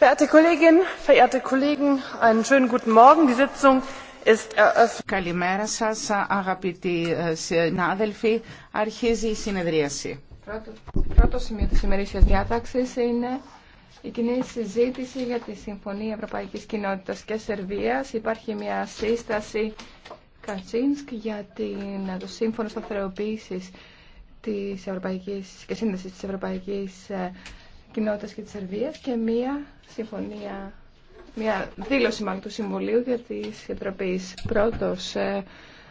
Verehrte Kolleginnen, verehrte Kollegen, einen schönen guten Morgen. Die Sitzung ist eröffnet. Καλημέρα σας, αγαπητοί ε, συνάδελφοι. Αρχίζει η συνεδρίαση. Πρώτο, πρώτο σημείο της ημερήσιας διάταξης είναι η κοινή συζήτηση για τη Συμφωνία Ευρωπαϊκής Κοινότητας και Σερβίας. Υπάρχει μια σύσταση Κατσίνσκ για την, το σύμφωνο σταθεροποίησης της Ευρωπαϊκής και σύνδεσης της Ευρωπαϊκής ε, κοινότητες και της Σερβία και μία συμφωνία, μία δήλωση μάλλον του Συμβουλίου για τη Επιτροπή. Πρώτο ε,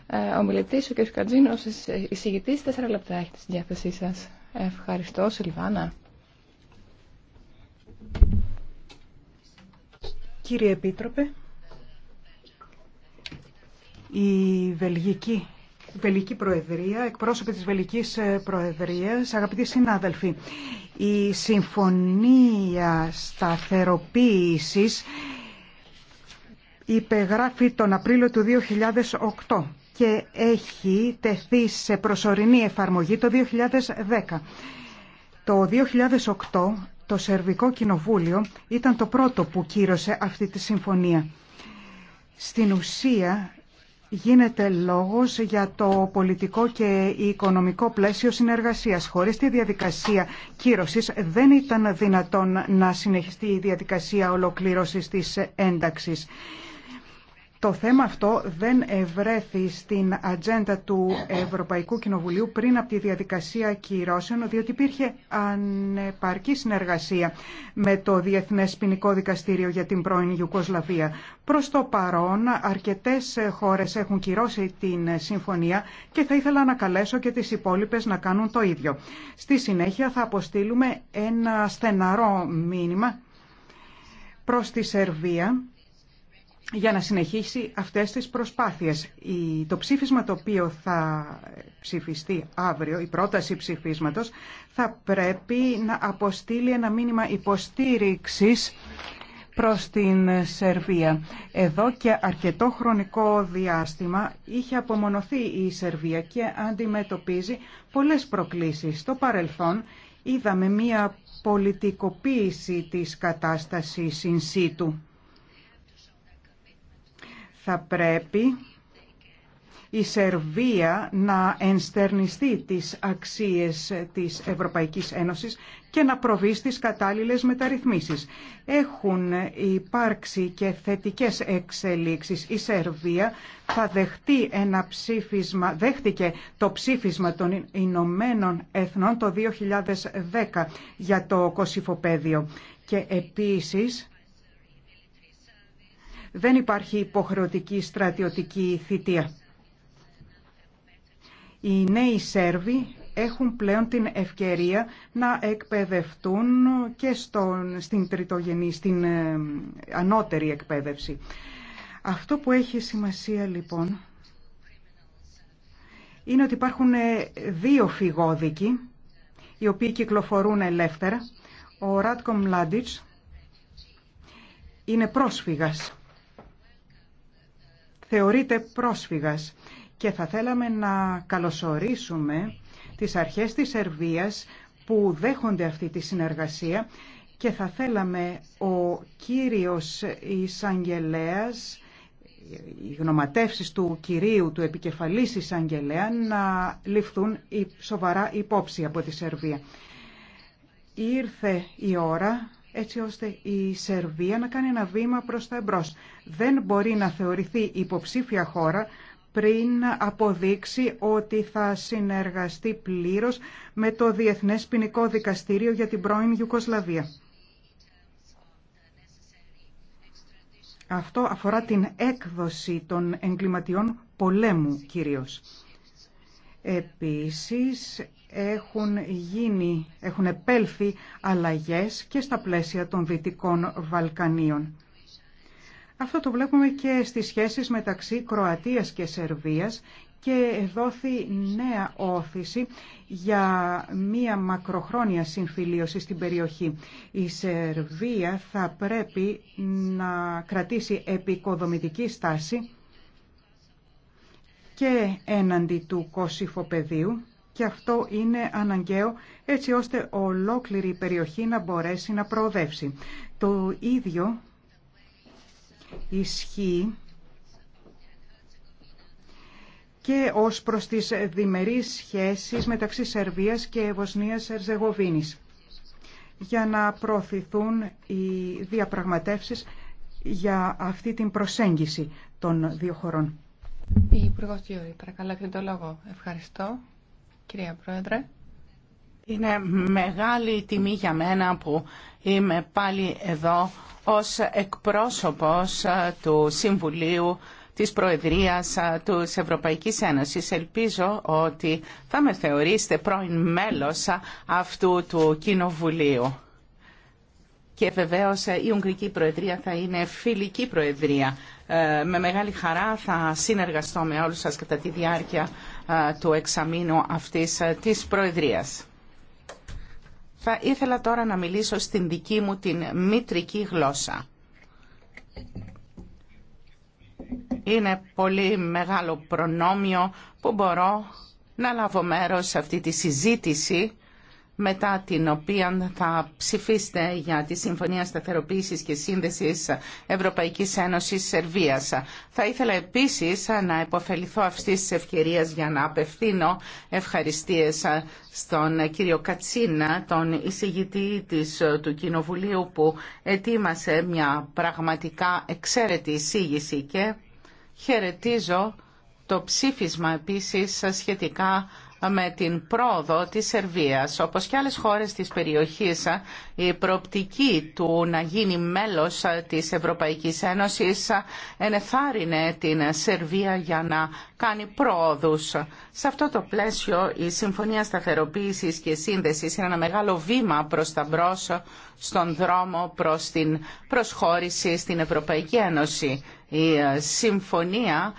ε, ομιλητής, ο κ. Κατζίνο, ε, εισηγητή, τέσσερα λεπτά έχει τη διάθεσή σας. Ευχαριστώ, Σιλβάνα. Κύριε Επίτροπε, η Βελγική Βελική Προεδρία, εκπρόσωποι της Βελικής ε, Προεδρίας, αγαπητοί συνάδελφοι, η Συμφωνία Σταθεροποίησης υπεγράφει τον Απρίλιο του 2008 και έχει τεθεί σε προσωρινή εφαρμογή το 2010. Το 2008 το Σερβικό Κοινοβούλιο ήταν το πρώτο που κύρωσε αυτή τη συμφωνία. Στην ουσία γίνεται λόγος για το πολιτικό και οικονομικό πλαίσιο συνεργασίας. Χωρίς τη διαδικασία κύρωσης δεν ήταν δυνατόν να συνεχιστεί η διαδικασία ολοκλήρωσης της ένταξης. Το θέμα αυτό δεν ευρέθη στην ατζέντα του Ευρωπαϊκού Κοινοβουλίου πριν από τη διαδικασία κυρώσεων, διότι υπήρχε ανεπαρκή συνεργασία με το Διεθνές Ποινικό Δικαστήριο για την πρώην Ιουκοσλαβία. Προς το παρόν, αρκετές χώρες έχουν κυρώσει την συμφωνία και θα ήθελα να καλέσω και τις υπόλοιπες να κάνουν το ίδιο. Στη συνέχεια θα αποστείλουμε ένα στεναρό μήνυμα προς τη Σερβία για να συνεχίσει αυτές τις προσπάθειες. Το ψήφισμα το οποίο θα ψηφιστεί αύριο, η πρόταση ψηφίσματος, θα πρέπει να αποστείλει ένα μήνυμα υποστήριξης προς την Σερβία. Εδώ και αρκετό χρονικό διάστημα είχε απομονωθεί η Σερβία και αντιμετωπίζει πολλές προκλήσεις. Στο παρελθόν είδαμε μία πολιτικοποίηση της κατάστασης in situ θα πρέπει η Σερβία να ενστερνιστεί τις αξίες της Ευρωπαϊκής Ένωσης και να προβεί στις κατάλληλες μεταρρυθμίσεις. Έχουν υπάρξει και θετικές εξελίξεις. Η Σερβία θα δεχτεί ένα ψήφισμα, δέχτηκε το ψήφισμα των Ηνωμένων Εθνών το 2010 για το Κωσυφοπαίδιο και επίσης δεν υπάρχει υποχρεωτική στρατιωτική θητεία. Οι νέοι Σέρβοι έχουν πλέον την ευκαιρία να εκπαιδευτούν και στον, στην τριτογενή, στην ε, ανώτερη εκπαίδευση. Αυτό που έχει σημασία λοιπόν είναι ότι υπάρχουν ε, δύο φυγόδικοι οι οποίοι κυκλοφορούν ελεύθερα. Ο Ράτκο Μλάντιτς είναι πρόσφυγας θεωρείται πρόσφυγας και θα θέλαμε να καλωσορίσουμε τις αρχές της Σερβίας που δέχονται αυτή τη συνεργασία και θα θέλαμε ο κύριος εισαγγελέα, οι γνωματεύσει του κυρίου του επικεφαλής εισαγγελέα να ληφθούν σοβαρά υπόψη από τη Σερβία. Ήρθε η ώρα έτσι ώστε η Σερβία να κάνει ένα βήμα προς τα εμπρός. Δεν μπορεί να θεωρηθεί υποψήφια χώρα πριν αποδείξει ότι θα συνεργαστεί πλήρως με το Διεθνές Ποινικό Δικαστήριο για την πρώην Ιουκοσλαβία. Αυτό αφορά την έκδοση των εγκληματιών πολέμου κυρίως. Επίσης, έχουν γίνει, έχουν επέλθει αλλαγές και στα πλαίσια των Δυτικών Βαλκανίων. Αυτό το βλέπουμε και στις σχέσεις μεταξύ Κροατίας και Σερβίας και δόθη νέα όθηση για μία μακροχρόνια συμφιλίωση στην περιοχή. Η Σερβία θα πρέπει να κρατήσει επικοδομητική στάση και έναντι του πεδίου και αυτό είναι αναγκαίο έτσι ώστε ολόκληρη η περιοχή να μπορέσει να προοδεύσει. Το ίδιο ισχύει και ως προς τις διμερείς σχέσεις μεταξύ Σερβίας και Βοσνίας Ερζεγοβίνης για να προωθηθούν οι διαπραγματεύσεις για αυτή την προσέγγιση των δύο χωρών. Η Υπουργός Γιώρη, παρακαλώ, έχετε το λόγο. Ευχαριστώ. Κυρία Πρόεδρε. Είναι μεγάλη τιμή για μένα που είμαι πάλι εδώ ως εκπρόσωπος ε, του Συμβουλίου της Προεδρίας ε, της Ευρωπαϊκής Ένωσης. Ελπίζω ότι θα με θεωρήσετε πρώην μέλος ε, αυτού του Κοινοβουλίου. Και βεβαίως η Ουγγρική Προεδρία θα είναι φιλική Προεδρία ε, με μεγάλη χαρά θα συνεργαστώ με όλους σας κατά τη διάρκεια ε, του εξαμήνου αυτής ε, της Προεδρίας. Θα ήθελα τώρα να μιλήσω στην δική μου την μητρική γλώσσα. Είναι πολύ μεγάλο προνόμιο που μπορώ να λάβω μέρος σε αυτή τη συζήτηση μετά την οποία θα ψηφίσετε για τη Συμφωνία Σταθεροποίησης και Σύνδεσης Ευρωπαϊκής Ένωσης Σερβίας. Θα ήθελα επίσης να υποφεληθώ αυτής της ευκαιρίας για να απευθύνω ευχαριστίες στον κύριο Κατσίνα, τον εισηγητή της, του Κοινοβουλίου που ετοίμασε μια πραγματικά εξαίρετη εισήγηση και χαιρετίζω το ψήφισμα επίσης σχετικά με την πρόοδο της Σερβίας. Όπως και άλλες χώρες της περιοχής, η προοπτική του να γίνει μέλος της Ευρωπαϊκής Ένωσης ενεθάρρυνε την Σερβία για να κάνει πρόοδους. Σε αυτό το πλαίσιο, η Συμφωνία Σταθεροποίησης και Σύνδεσης είναι ένα μεγάλο βήμα προς τα μπρος στον δρόμο προς την προσχώρηση στην Ευρωπαϊκή Ένωση. Η ε, συμφωνία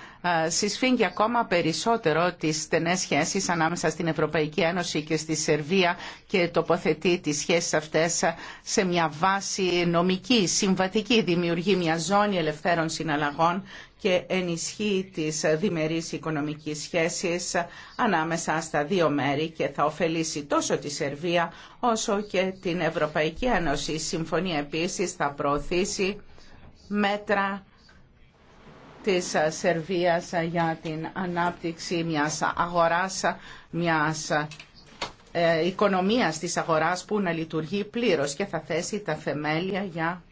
ε, συσφίγγει ακόμα περισσότερο τις στενές σχέσεις ανάμεσα στην Ευρωπαϊκή Ένωση και στη Σερβία και τοποθετεί τις σχέσεις αυτές σε μια βάση νομική, συμβατική, δημιουργεί μια ζώνη ελευθέρων συναλλαγών και ενισχύει τις διμερείς οικονομικές σχέσεις ανάμεσα στα δύο μέρη και θα ωφελήσει τόσο τη Σερβία όσο και την Ευρωπαϊκή Ένωση. Η συμφωνία επίσης θα προωθήσει μέτρα της ε, Σερβίας ε, για την ανάπτυξη μιας αγοράς, ε, μιας οικονομίας της αγοράς που να λειτουργεί πλήρως και θα θέσει τα θεμέλια για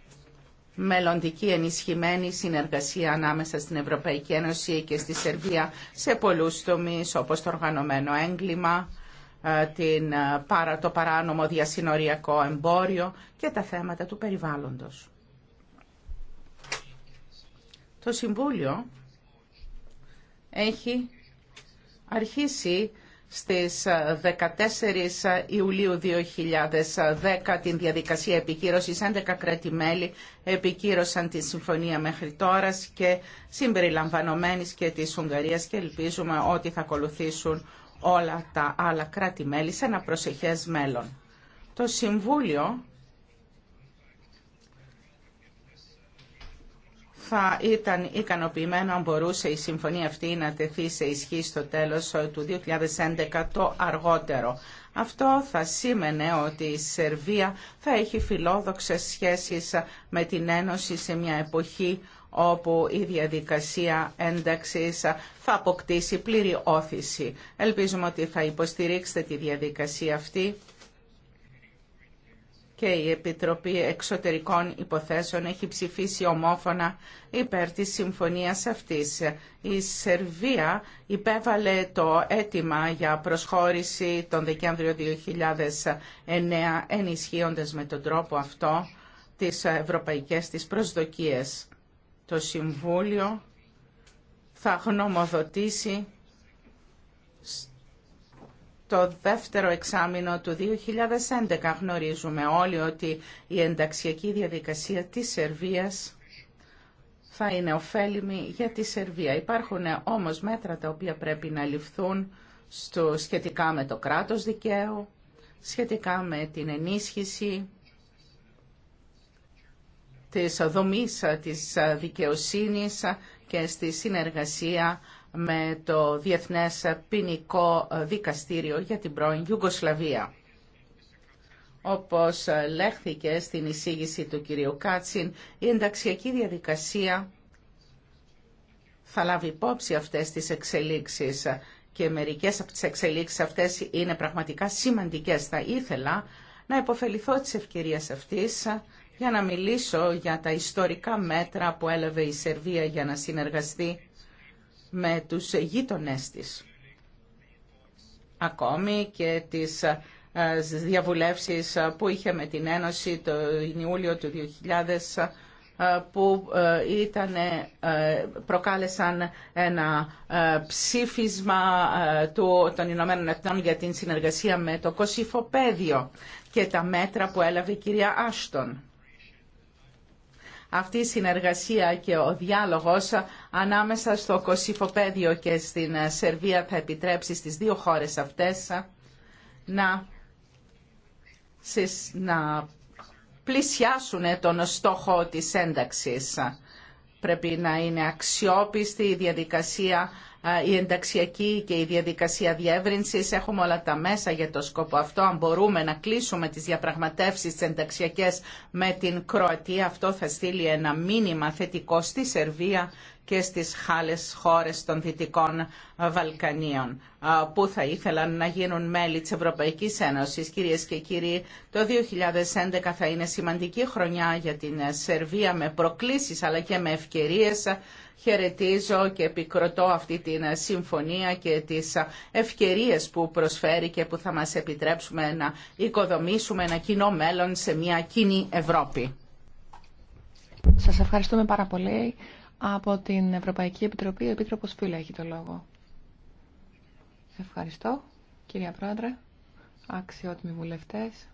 μελλοντική ενισχυμένη συνεργασία ανάμεσα στην Ευρωπαϊκή Ένωση και στη Σερβία σε πολλούς τομείς όπως το οργανωμένο έγκλημα, την, το παράνομο διασυνοριακό εμπόριο και τα θέματα του περιβάλλοντος. Το Συμβούλιο έχει αρχίσει στις 14 Ιουλίου 2010 την διαδικασία επικύρωσης. 11 κράτη-μέλη επικύρωσαν τη συμφωνία μέχρι τώρα και συμπεριλαμβανομένης και της Ουγγαρίας και ελπίζουμε ότι θα ακολουθήσουν όλα τα άλλα κράτη-μέλη σε ένα προσεχές μέλλον. Το Συμβούλιο θα ήταν ικανοποιημένο αν μπορούσε η συμφωνία αυτή να τεθεί σε ισχύ στο τέλος του 2011 το αργότερο. Αυτό θα σήμαινε ότι η Σερβία θα έχει φιλόδοξες σχέσεις με την Ένωση σε μια εποχή όπου η διαδικασία ένταξης θα αποκτήσει πλήρη όθηση. Ελπίζουμε ότι θα υποστηρίξετε τη διαδικασία αυτή και η Επιτροπή Εξωτερικών Υποθέσεων έχει ψηφίσει ομόφωνα υπέρ της συμφωνίας αυτής. Η Σερβία υπέβαλε το αίτημα για προσχώρηση τον Δεκέμβριο 2009 ενισχύοντας με τον τρόπο αυτό τις ευρωπαϊκές της προσδοκίες. Το Συμβούλιο θα γνωμοδοτήσει το δεύτερο εξάμεινο του 2011 γνωρίζουμε όλοι ότι η ενταξιακή διαδικασία της Σερβίας θα είναι ωφέλιμη για τη Σερβία. Υπάρχουν όμως μέτρα τα οποία πρέπει να ληφθούν στο, σχετικά με το κράτος δικαίου, σχετικά με την ενίσχυση της δομής της δικαιοσύνης και στη συνεργασία με το Διεθνές Ποινικό Δικαστήριο για την πρώην Ιουγκοσλαβία. Όπως λέχθηκε στην εισήγηση του κυρίου Κάτσιν, η ενταξιακή διαδικασία θα λάβει υπόψη αυτές τις εξελίξεις και μερικές από τις εξελίξεις αυτές είναι πραγματικά σημαντικές. Θα ήθελα να υποφεληθώ της ευκαιρίας αυτής για να μιλήσω για τα ιστορικά μέτρα που έλαβε η Σερβία για να συνεργαστεί με τους γείτονές της. Ακόμη και τις ε, διαβουλεύσεις που είχε με την Ένωση το Ιούλιο του 2000 ε, που ε, ήταν, προκάλεσαν ένα ψήφισμα των Ηνωμένων Εθνών για την συνεργασία με το Κωσυφοπαίδιο και τα μέτρα που έλαβε η κυρία Άστον αυτή η συνεργασία και ο διάλογος ανάμεσα στο Κωσυφοπέδιο και στην Σερβία θα επιτρέψει στις δύο χώρες αυτές να, να πλησιάσουν τον στόχο της ένταξης. Πρέπει να είναι αξιόπιστη η διαδικασία η ενταξιακή και η διαδικασία διεύρυνσης. Έχουμε όλα τα μέσα για το σκοπό αυτό. Αν μπορούμε να κλείσουμε τις διαπραγματεύσει ενταξιακές με την Κροατία, αυτό θα στείλει ένα μήνυμα θετικό στη Σερβία και στις χάλες χώρες των Δυτικών Βαλκανίων που θα ήθελαν να γίνουν μέλη της Ευρωπαϊκής Ένωσης. Κυρίες και κύριοι, το 2011 θα είναι σημαντική χρονιά για την Σερβία με προκλήσεις αλλά και με ευκαιρίες. Χαιρετίζω και επικροτώ αυτή την συμφωνία και τις ευκαιρίες που προσφέρει και που θα μας επιτρέψουμε να οικοδομήσουμε ένα κοινό μέλλον σε μια κοινή Ευρώπη. Σας ευχαριστούμε πάρα πολύ. Από την Ευρωπαϊκή Επιτροπή, ο Επίτροπος Φίλα έχει το λόγο. Ευχαριστώ, κυρία Πρόεδρε, αξιότιμοι βουλευτές.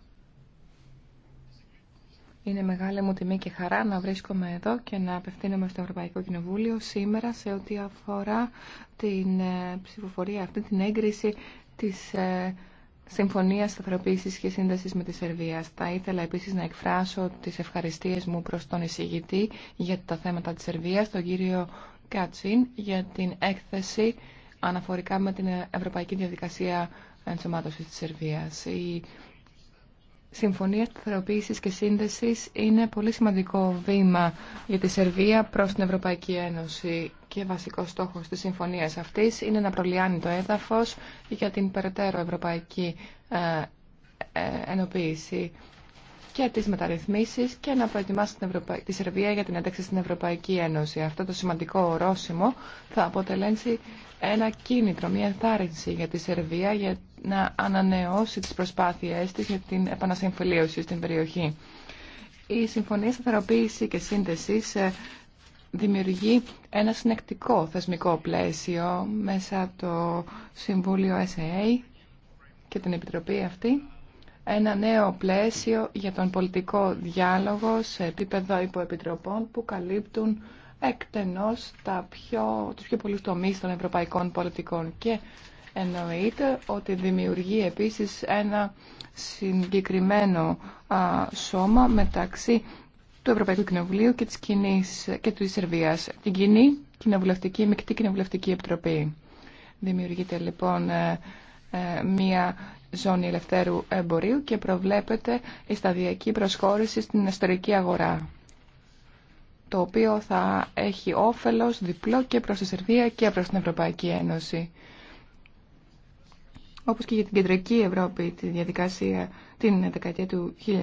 Είναι μεγάλη μου τιμή και χαρά να βρίσκομαι εδώ και να απευθύνομαι στο Ευρωπαϊκό Κοινοβούλιο σήμερα σε ό,τι αφορά την ε, ψηφοφορία αυτή, την έγκριση της ε, Συμφωνία Σταθεροποίηση και Σύνδεση με τη Σερβία. Θα ήθελα επίση να εκφράσω τι ευχαριστίε μου προ τον εισηγητή για τα θέματα τη Σερβία, τον κύριο Κάτσιν, για την έκθεση αναφορικά με την Ευρωπαϊκή Διαδικασία Ενσωμάτωση τη Σερβία. Συμφωνία σταθεροποίηση και Σύνδεσης είναι πολύ σημαντικό βήμα για τη Σερβία προς την Ευρωπαϊκή Ένωση και βασικό στόχος τη Συμφωνία αυτής είναι να προλιάνει το έδαφος για την περαιτέρω ευρωπαϊκή ε, ε, ενοποίηση και τις μεταρρυθμίσεις και να προετοιμάσει την τη Σερβία για την ένταξη στην Ευρωπαϊκή Ένωση. Αυτό το σημαντικό ορόσημο θα αποτελέσει ένα κίνητρο, μια ενθάρρυνση για τη Σερβία για να ανανεώσει τις προσπάθειές της για την επανασυμφιλίωση στην περιοχή. Η Συμφωνία Σταθεροποίηση και Σύνδεση ε, δημιουργεί ένα συνεκτικό θεσμικό πλαίσιο μέσα το Συμβούλιο SAA και την Επιτροπή αυτή ένα νέο πλαίσιο για τον πολιτικό διάλογο σε επίπεδο υποεπιτροπών που καλύπτουν εκτενώς τα πιο, τους πιο πολλούς τομείς των ευρωπαϊκών πολιτικών και εννοείται ότι δημιουργεί επίσης ένα συγκεκριμένο σώμα μεταξύ του Ευρωπαϊκού Κοινοβουλίου και της, κοινής, και της Σερβίας, την κοινή κοινοβουλευτική, μεικτή κοινοβουλευτική επιτροπή. Δημιουργείται λοιπόν ε, ε, μια ζώνη ελευθέρου εμπορίου και προβλέπεται η σταδιακή προσχώρηση στην εσωτερική αγορά το οποίο θα έχει όφελος διπλό και προς τη Σερβία και προς την Ευρωπαϊκή Ένωση. Όπως και για την Κεντρική Ευρώπη τη διαδικασία την δεκαετία του 1990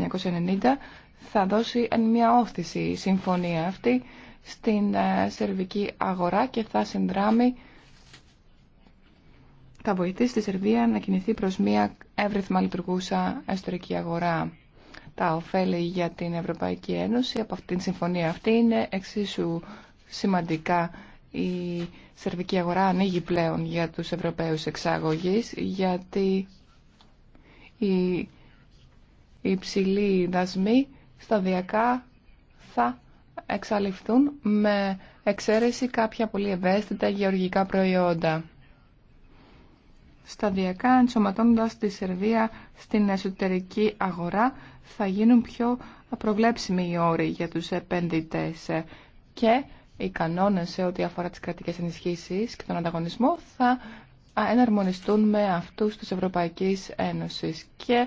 θα δώσει μια όθηση η συμφωνία αυτή στην ε, σερβική αγορά και θα συνδράμει θα βοηθήσει τη Σερβία να κινηθεί προς μια εύρυθμα λειτουργούσα εσωτερική αγορά. Τα ωφέλη για την Ευρωπαϊκή Ένωση από αυτήν την συμφωνία αυτή είναι εξίσου σημαντικά. Η σερβική αγορά ανοίγει πλέον για τους Ευρωπαίους εξάγωγείς γιατί οι υψηλοί δασμοί σταδιακά θα εξαλειφθούν με εξαίρεση κάποια πολύ ευαίσθητα γεωργικά προϊόντα σταδιακά ενσωματώνοντας τη Σερβία στην εσωτερική αγορά θα γίνουν πιο προβλέψιμοι οι όροι για τους επενδυτές και οι κανόνες σε ό,τι αφορά τις κρατικές ενισχύσεις και τον ανταγωνισμό θα εναρμονιστούν με αυτούς της Ευρωπαϊκής Ένωσης και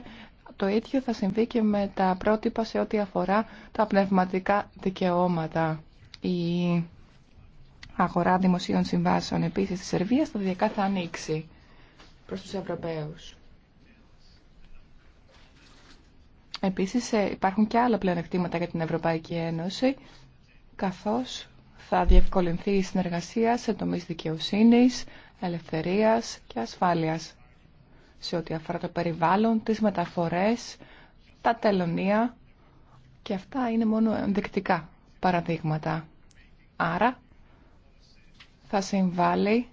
το ίδιο θα συμβεί και με τα πρότυπα σε ό,τι αφορά τα πνευματικά δικαιώματα. Η αγορά δημοσίων συμβάσεων επίσης στη Σερβία σταδιακά θα ανοίξει προς τους Ευρωπαίους. Επίσης ε, υπάρχουν και άλλα πλεονεκτήματα για την Ευρωπαϊκή Ένωση, καθώς θα διευκολυνθεί η συνεργασία σε τομείς δικαιοσύνης, ελευθερίας και ασφάλειας, σε ό,τι αφορά το περιβάλλον, τις μεταφορές, τα τελωνία και αυτά είναι μόνο ενδεικτικά παραδείγματα. Άρα θα συμβάλλει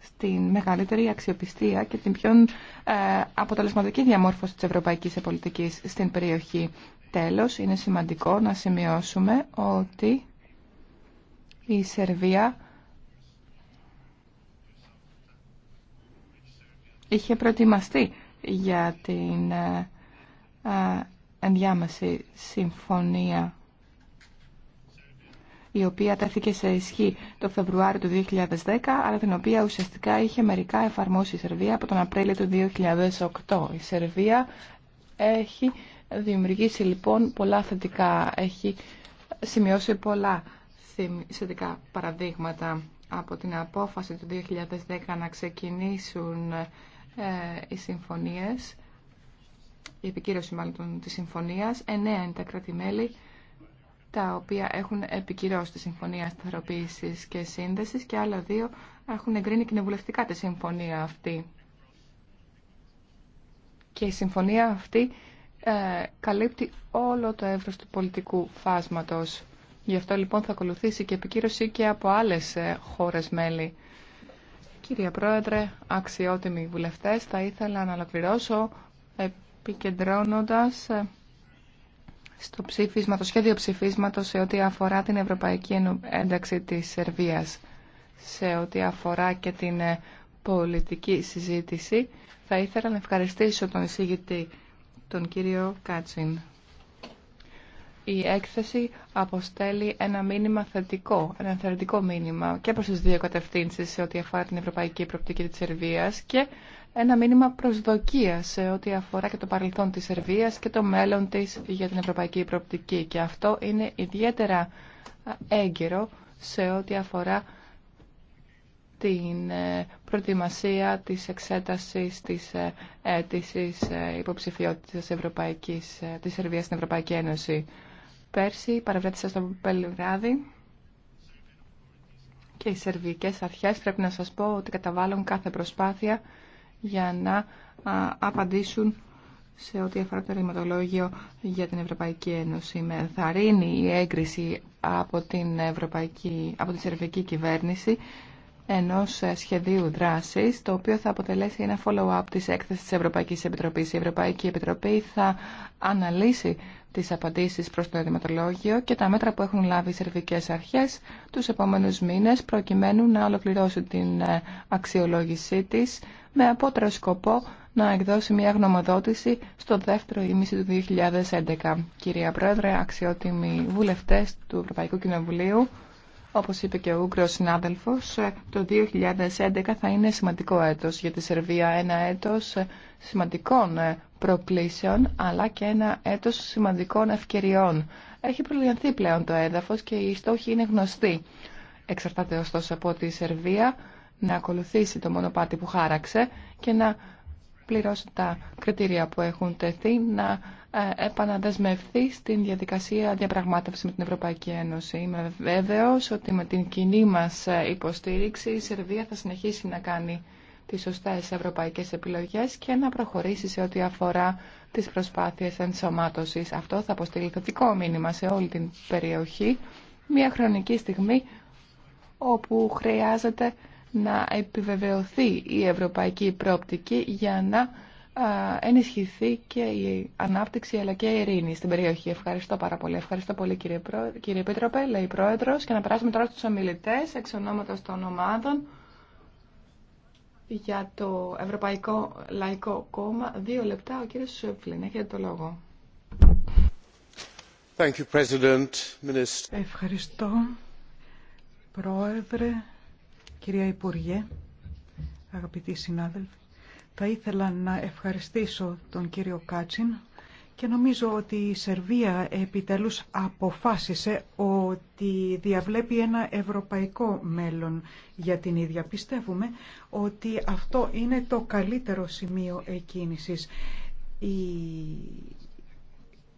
στην μεγαλύτερη αξιοπιστία και την πιο ε, αποτελεσματική διαμόρφωση της ευρωπαϊκής πολιτικής στην περιοχή. Τέλος, είναι σημαντικό να σημειώσουμε ότι η Σερβία είχε προετοιμαστεί για την ε, ε, ενδιάμεση συμφωνία η οποία τέθηκε σε ισχύ το Φεβρουάριο του 2010, αλλά την οποία ουσιαστικά είχε μερικά εφαρμόσει η Σερβία από τον Απρίλιο του 2008. Η Σερβία έχει δημιουργήσει λοιπόν πολλά θετικά, έχει σημειώσει πολλά θετικά παραδείγματα από την απόφαση του 2010 να ξεκινήσουν ε, οι συμφωνίες, η επικύρωση μάλλον της συμφωνίας, εννέα είναι τα κράτη-μέλη τα οποία έχουν επικυρώσει τη Συμφωνία σταθεροποίηση και σύνδεση και άλλα δύο έχουν εγκρίνει κοινοβουλευτικά τη συμφωνία αυτή. Και η συμφωνία αυτή ε, καλύπτει όλο το εύρος του πολιτικού φάσματος. Γι' αυτό λοιπόν θα ακολουθήσει και επικύρωση και από άλλες ε, χώρες μέλη. Κυρία Πρόεδρε, αξιότιμοι βουλευτές, θα ήθελα να ολοκληρώσω επικεντρώνοντας ε, στο ψήφισμα, το σχέδιο ψηφίσματος σε ό,τι αφορά την ευρωπαϊκή ένταξη της Σερβίας, σε ό,τι αφορά και την ε, πολιτική συζήτηση, θα ήθελα να ευχαριστήσω τον εισηγητή, τον κύριο Κάτσιν. Η έκθεση αποστέλει ένα μήνυμα θετικό, ένα θετικό μήνυμα και προς τις δύο κατευθύνσεις σε ό,τι αφορά την ευρωπαϊκή Προπτική της Σερβίας και ένα μήνυμα προσδοκίας σε ό,τι αφορά και το παρελθόν της Σερβίας και το μέλλον της για την ευρωπαϊκή προοπτική. Και αυτό είναι ιδιαίτερα έγκαιρο σε ό,τι αφορά την ε, προετοιμασία της εξέτασης της ε, αίτησης ε, υποψηφιότητας Ευρωπαϊκής, της Σερβίας στην Ευρωπαϊκή Ένωση. Πέρσι παρευρέθησα στο και οι σερβικές αρχές πρέπει να σας πω ότι καταβάλλουν κάθε προσπάθεια για να απαντήσουν σε ό,τι αφορά το ρηματολόγιο για την Ευρωπαϊκή Ένωση. Με θαρρύνει η έγκριση από την, Ευρωπαϊκή, από την Σερβική Κυβέρνηση ενός σχεδίου δράσης, το οποίο θα αποτελέσει ένα follow-up τη έκθεση τη Ευρωπαϊκής Επιτροπής. Η Ευρωπαϊκή Επιτροπή θα αναλύσει τις απαντήσεις προς το ερωτηματολόγιο και τα μέτρα που έχουν λάβει οι σερβικές αρχές τους επόμενους μήνες προκειμένου να ολοκληρώσει την ε, αξιολόγησή της με απότερο σκοπό να εκδώσει μια γνωμοδότηση στο δεύτερο ήμιση του 2011. Κυρία Πρόεδρε, αξιότιμοι βουλευτές του Ευρωπαϊκού Κοινοβουλίου, όπως είπε και ο Ούγκρος συνάδελφος, ε, το 2011 θα είναι σημαντικό έτος για τη Σερβία, ένα έτος ε, σημαντικών προκλήσεων αλλά και ένα έτος σημαντικών ευκαιριών. Έχει προλιανθεί πλέον το έδαφος και οι στόχοι είναι γνωστοί. Εξαρτάται ωστόσο από τη Σερβία να ακολουθήσει το μονοπάτι που χάραξε και να πληρώσει τα κριτήρια που έχουν τεθεί, να ε, επαναδεσμευθεί στην διαδικασία διαπραγμάτευση με την Ευρωπαϊκή Ένωση. Είμαι βέβαιος ότι με την κοινή μας ε, υποστήριξη η Σερβία θα συνεχίσει να κάνει τις σωστές ευρωπαϊκές επιλογές και να προχωρήσει σε ό,τι αφορά τις προσπάθειες ενσωμάτωσης. Αυτό θα αποστείλει θετικό μήνυμα σε όλη την περιοχή, μια χρονική στιγμή όπου χρειάζεται να επιβεβαιωθεί η ευρωπαϊκή πρόπτικη για να ενισχυθεί και η ανάπτυξη αλλά και η ειρήνη στην περιοχή. Ευχαριστώ πάρα πολύ. Ευχαριστώ πολύ κύριε, Πρό... κύριε Πίτροπε, λέει η Πρόεδρος. Και να περάσουμε τώρα στους ομιλητές εξ ονόματος των ομάδων για το Ευρωπαϊκό Λαϊκό Κόμμα. Δύο λεπτά, ο κύριος Σόφλιν, έχετε το λόγο. Thank you, President. Ευχαριστώ, Πρόεδρε, κυρία Υπουργέ, αγαπητοί συνάδελφοι. Θα ήθελα να ευχαριστήσω τον κύριο Κάτσιν και νομίζω ότι η Σερβία επιτέλους αποφάσισε ότι διαβλέπει ένα ευρωπαϊκό μέλλον για την ίδια. Πιστεύουμε ότι αυτό είναι το καλύτερο σημείο εκκίνησης. Η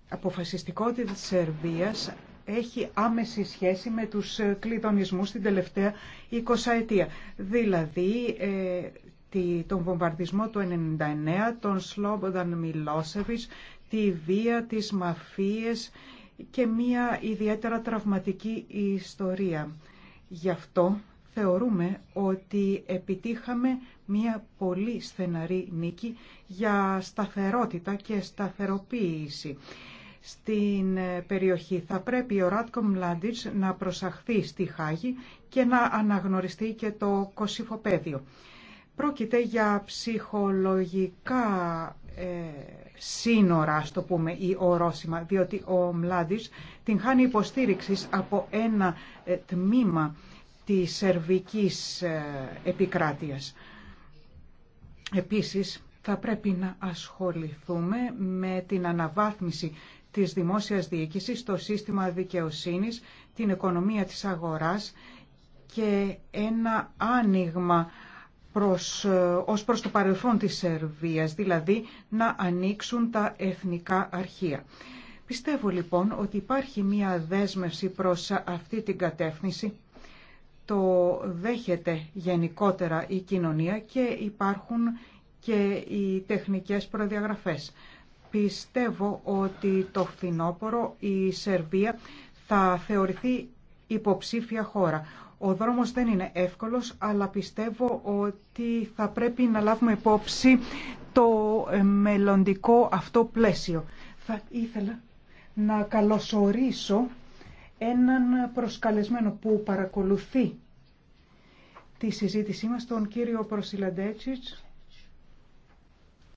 αποφασιστικότητα της Σερβίας έχει άμεση σχέση με τους κλειδονισμούς την τελευταία 20 ετία. Δηλαδή ε, τον βομβαρδισμό του 1999, τον Σλόμπονταν Μιλόσεβις, τη βία, τις μαφίες και μία ιδιαίτερα τραυματική ιστορία. Γι' αυτό θεωρούμε ότι επιτύχαμε μία πολύ στεναρή νίκη για σταθερότητα και σταθεροποίηση. Στην περιοχή θα πρέπει ο Ράτκο Μλάντιτς να προσαχθεί στη Χάγη και να αναγνωριστεί και το κοσυφοπέδιο. Πρόκειται για ψυχολογικά ε, σύνορα, ας το πούμε, ή ορόσημα, διότι ο Μλάδης την χάνει υποστήριξης από ένα ε, τμήμα της σερβικής ε, επικράτειας. Επίσης, θα πρέπει να ασχοληθούμε με την αναβάθμιση της δημόσιας διοίκησης, το σύστημα δικαιοσύνης, την οικονομία της αγοράς και ένα άνοιγμα προς, ε, ως προς το παρελθόν της Σερβίας, δηλαδή να ανοίξουν τα εθνικά αρχεία. Πιστεύω λοιπόν ότι υπάρχει μία δέσμευση προς αυτή την κατεύθυνση. Το δέχεται γενικότερα η κοινωνία και υπάρχουν και οι τεχνικές προδιαγραφές. Πιστεύω ότι το φθινόπωρο η Σερβία θα θεωρηθεί υποψήφια χώρα. Ο δρόμος δεν είναι εύκολος, αλλά πιστεύω ότι θα πρέπει να λάβουμε υπόψη το ε, μελλοντικό αυτό πλαίσιο. Θα ήθελα να καλωσορίσω έναν προσκαλεσμένο που παρακολουθεί τη συζήτησή μας, τον κύριο Προσιλαντέτσιτς,